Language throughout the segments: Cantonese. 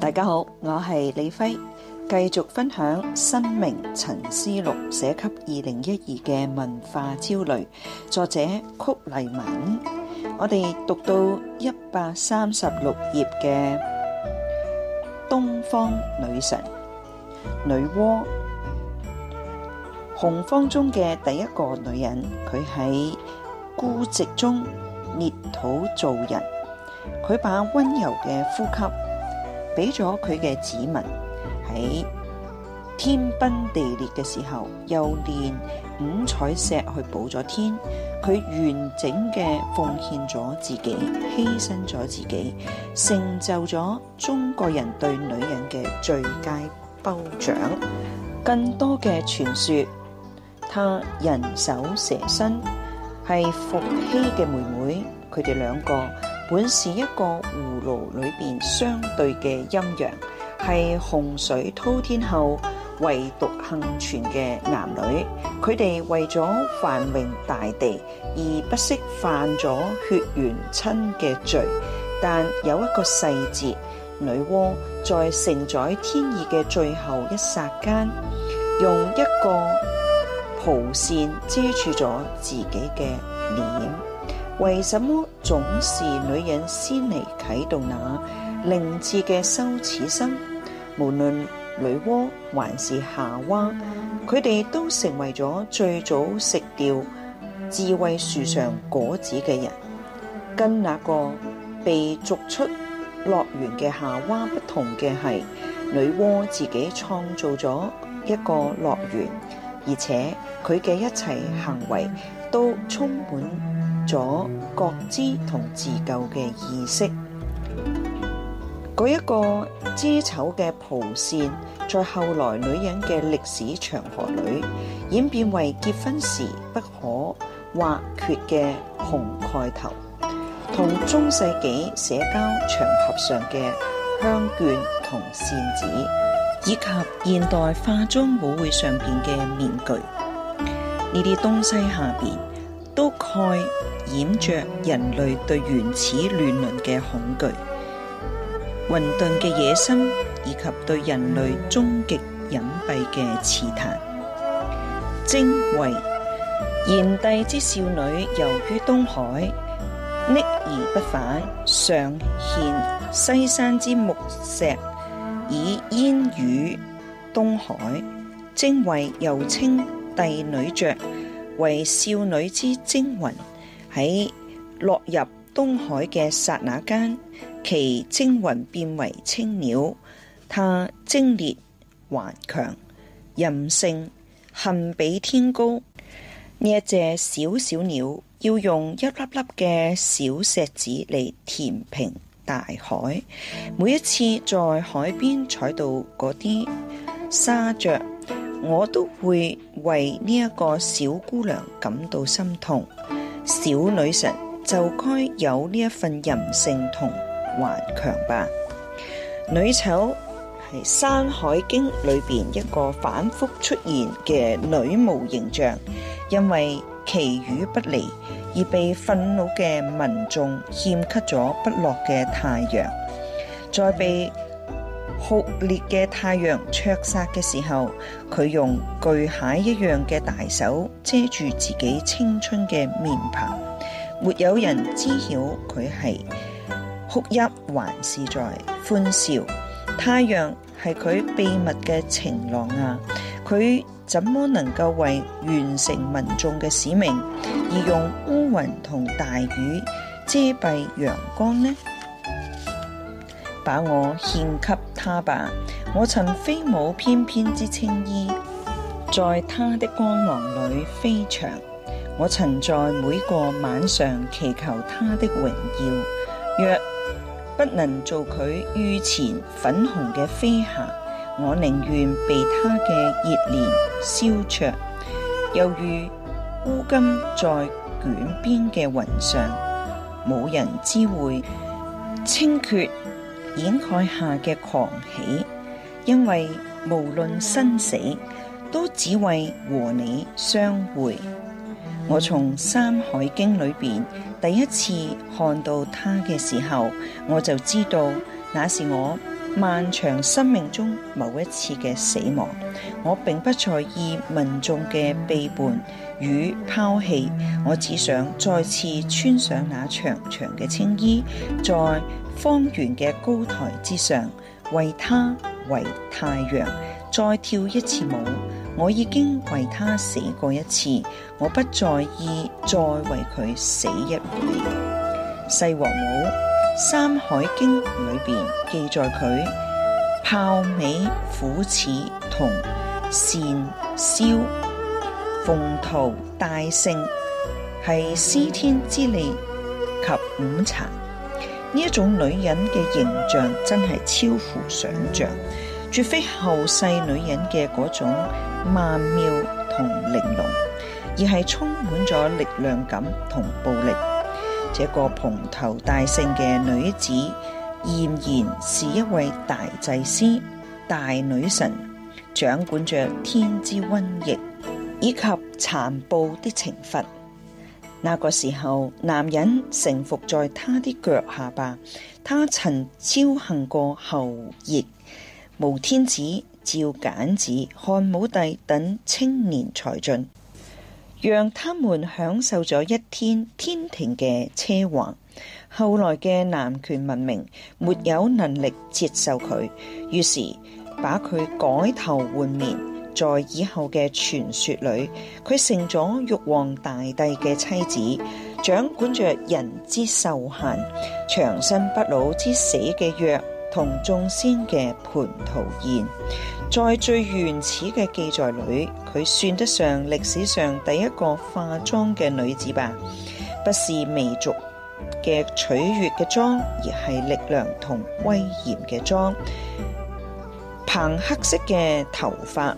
大家好，我係李輝，繼續分享《生命沉思錄寫給二零一二嘅文化焦慮》，作者曲黎敏。我哋讀到一百三十六頁嘅東方女神女媧，紅方中嘅第一個女人，佢喺孤寂中捏土造人，佢把溫柔嘅呼吸。俾咗佢嘅子民，喺天崩地裂嘅時候，又煉五彩石去補咗天。佢完整嘅奉獻咗自己，犧牲咗自己，成就咗中國人對女人嘅最佳褒獎。更多嘅傳說，他人手蛇身，係伏羲嘅妹妹。佢哋兩個本是一個葫蘆裏邊相對嘅陰陽，係洪水滔天後唯獨幸存嘅男女。佢哋為咗繁榮大地而不惜犯咗血緣親嘅罪，但有一個細節：女媧在承載天意嘅最後一剎間，用一個蒲扇遮住咗自己嘅臉。為什麼總是女人先嚟啟動那靈智嘅羞恥心？無論女媧還是夏娃，佢哋都成為咗最早食掉智慧樹上果子嘅人。跟那個被逐出樂園嘅夏娃不同嘅係，女媧自己創造咗一個樂園，而且佢嘅一切行為都充滿咗覺知同自救嘅意識，嗰一個遮醜嘅蒲扇，在後來女人嘅歷史長河裏，演變為結婚時不可或缺嘅紅蓋頭，同中世紀社交場合上嘅香絹同扇子，以及現代化妝舞會上邊嘅面具，呢啲東西下邊。都蓋掩着人類對原始亂倫嘅恐懼、混沌嘅野心，以及對人類終極隱蔽嘅刺探。精衛，炎帝之少女，游於東海，溺而不返，上獻西山之木石，以堙於東海。精衛又稱帝女雀。為少女之精魂喺落入東海嘅剎那間，其精魂變為青鳥。它精烈、頑強、任性，恨比天高。呢一隻小小鳥要用一粒粒嘅小石子嚟填平大海。每一次在海邊採到嗰啲沙雀。我都會為呢一個小姑娘感到心痛，小女神就該有呢一份任性同頑強吧。女丑係《山海經》裏邊一個反復出現嘅女巫形象，因為祈雨不利而被憤怒嘅民眾獻給咗不落嘅太陽，再被。酷烈嘅太陽灼曬嘅時候，佢用巨蟹一樣嘅大手遮住自己青春嘅面龐。沒有人知曉佢係哭泣還是在歡笑。太陽係佢秘密嘅情郎啊！佢怎麼能夠為完成民眾嘅使命而用烏雲同大雨遮蔽陽光呢？把我獻給他吧，我曾飛舞翩翩之青衣，在他的光芒裏飛翔。我曾在每個晚上祈求他的榮耀，若不能做佢御前粉紅嘅飛霞，我寧願被他嘅熱戀燒灼，猶如烏金在卷邊嘅雲上，冇人知會清缺。掩蓋下嘅狂喜，因為無論生死，都只為和你相會。我從《山海經》裏邊第一次看到他嘅時候，我就知道，那是我。漫長生命中某一次嘅死亡，我並不在意民眾嘅背叛與拋棄，我只想再次穿上那長長嘅青衣，在方圓嘅高台之上，為他，為太陽，再跳一次舞。我已經為他死過一次，我不在意再為佢死一回。西王母。《山海經》裏邊記載佢豹尾虎齒同善燒，鳳頭大勝，係司天之利及五殘。呢一種女人嘅形象真係超乎想象，絕非後世女人嘅嗰種曼妙同玲瓏，而係充滿咗力量感同暴力。一個蓬頭大聖嘅女子，儼然是一位大祭司、大女神，掌管着天之瘟疫以及殘暴的懲罰。那個時候，男人臣服在她啲腳下吧？她曾招行過后羿、無天子、趙簡子、漢武帝等青年才俊。讓他們享受咗一天天庭嘅奢華，後來嘅男權文明沒有能力接受佢，於是把佢改頭換面，在以後嘅傳說裏，佢成咗玉皇大帝嘅妻子，掌管着人之壽限、長生不老之死嘅藥。同眾仙嘅蟠桃宴，在最原始嘅記載裏，佢算得上歷史上第一個化妝嘅女子吧？不是媚俗嘅取悅嘅妝，而係力量同威嚴嘅妝。蓬黑色嘅頭髮，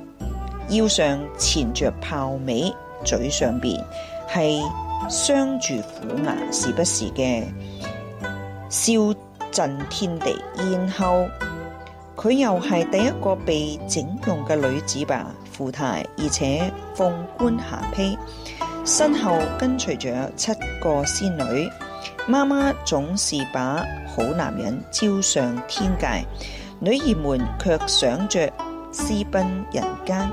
腰上纏着豹尾，嘴上邊係鑲住虎牙，時不時嘅笑。震天地，然後佢又係第一個被整容嘅女子吧，富態，而且鳳冠霞帔，身後跟隨着七個仙女。媽媽總是把好男人招上天界，女兒們卻想着私奔人間。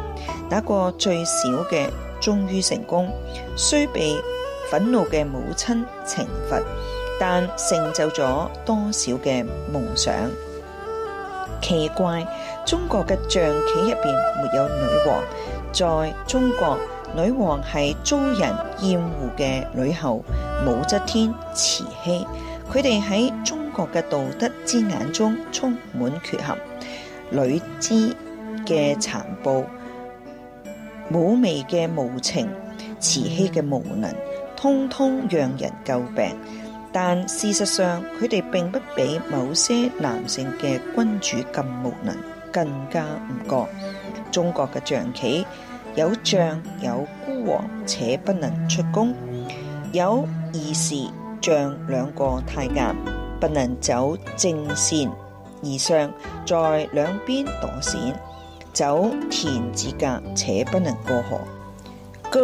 那個最小嘅終於成功，雖被憤怒嘅母親懲罰。但成就咗多少嘅夢想？奇怪，中國嘅象棋入邊沒有女王。在中國，女王係遭人厭惡嘅女后，武則天、慈禧，佢哋喺中國嘅道德之眼中充滿缺陷，女之嘅殘暴，武媚嘅無情，慈禧嘅無能，通通讓人詬病。但事實上，佢哋並不比某些男性嘅君主更無能，更加唔覺。中國嘅象棋有將有孤王，且不能出宮；有二士像兩個太監，不能走正線，而象在兩邊躲閃，走田字格，且不能過河。車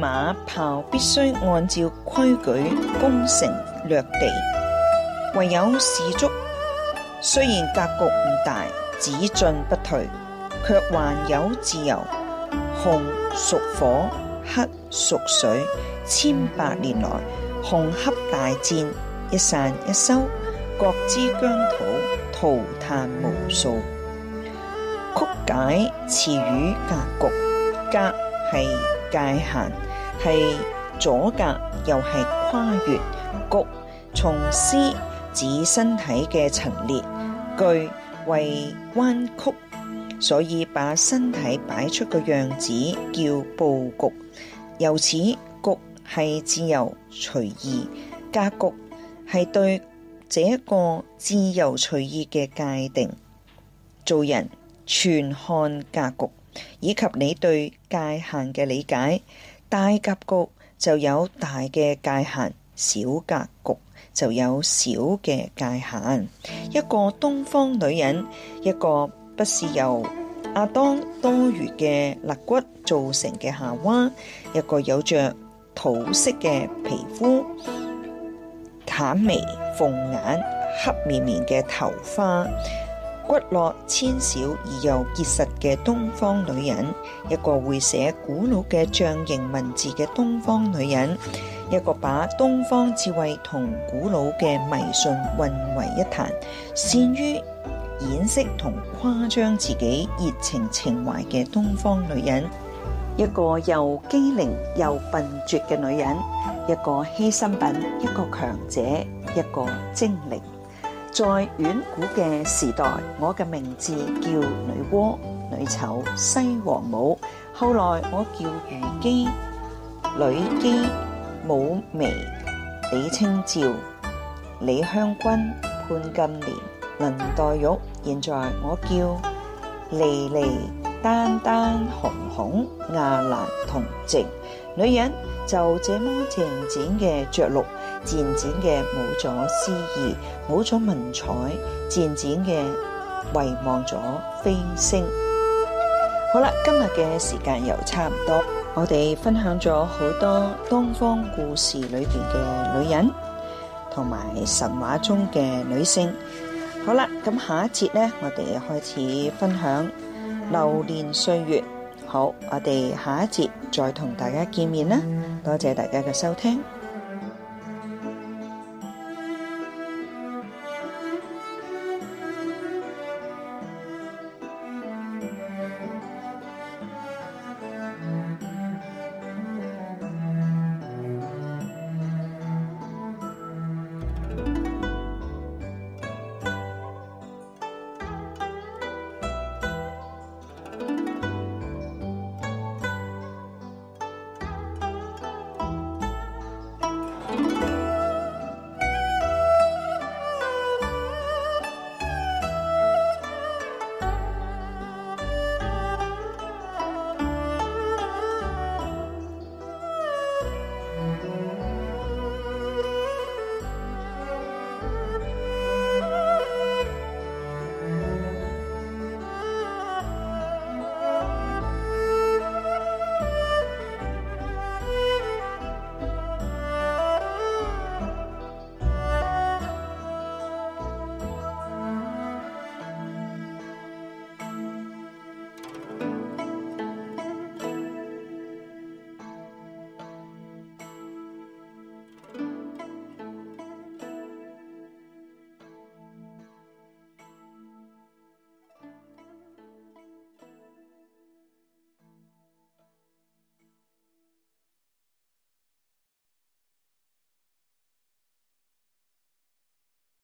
馬炮必須按照規矩攻城。略地，唯有士卒。雖然格局唔大，只進不退，卻還有自由。紅屬火，黑屬水。千百年來，紅黑大戰一散一收，各支疆土塗炭無數。曲解詞語格局，格係界限，係阻隔，又係跨越。局從絲指身體嘅陳列，具為彎曲，所以把身體擺出個樣子叫布局。由此，局係自由隨意，格局係對這一個自由隨意嘅界定。做人全看格局，以及你對界限嘅理解。大格局就有大嘅界限。小格局就有小嘅界限。一個東方女人，一個不是由阿當多餘嘅肋骨造成嘅夏娃，一個有着土色嘅皮膚，淡眉、鳳眼、黑綿綿嘅頭髮。骨骼纖小而又結實嘅東方女人，一個會寫古老嘅象形文字嘅東方女人，一個把東方智慧同古老嘅迷信混為一談，善於掩飾同誇張自己熱情情懷嘅東方女人，一個又機靈又笨拙嘅女人，一個犧牲品，一個強者，一個精靈。在遠古嘅時代，我嘅名字叫女媧、女丑、西王母。後來我叫虞姬、呂姬、武媚、李清照、李香君、潘金蓮、林黛玉。現在我叫莉莉、丹丹、丹、紅紅、亞楠、同靜。女人就這麼靜靜嘅着陸。漸漸嘅冇咗詩意，冇咗文采，漸漸嘅遺忘咗飛升。好啦，今日嘅時間又差唔多，我哋分享咗好多東方故事裏邊嘅女人，同埋神話中嘅女性。好啦，咁下一節呢，我哋開始分享流年歲月。好，我哋下一節再同大家見面啦。多謝大家嘅收聽。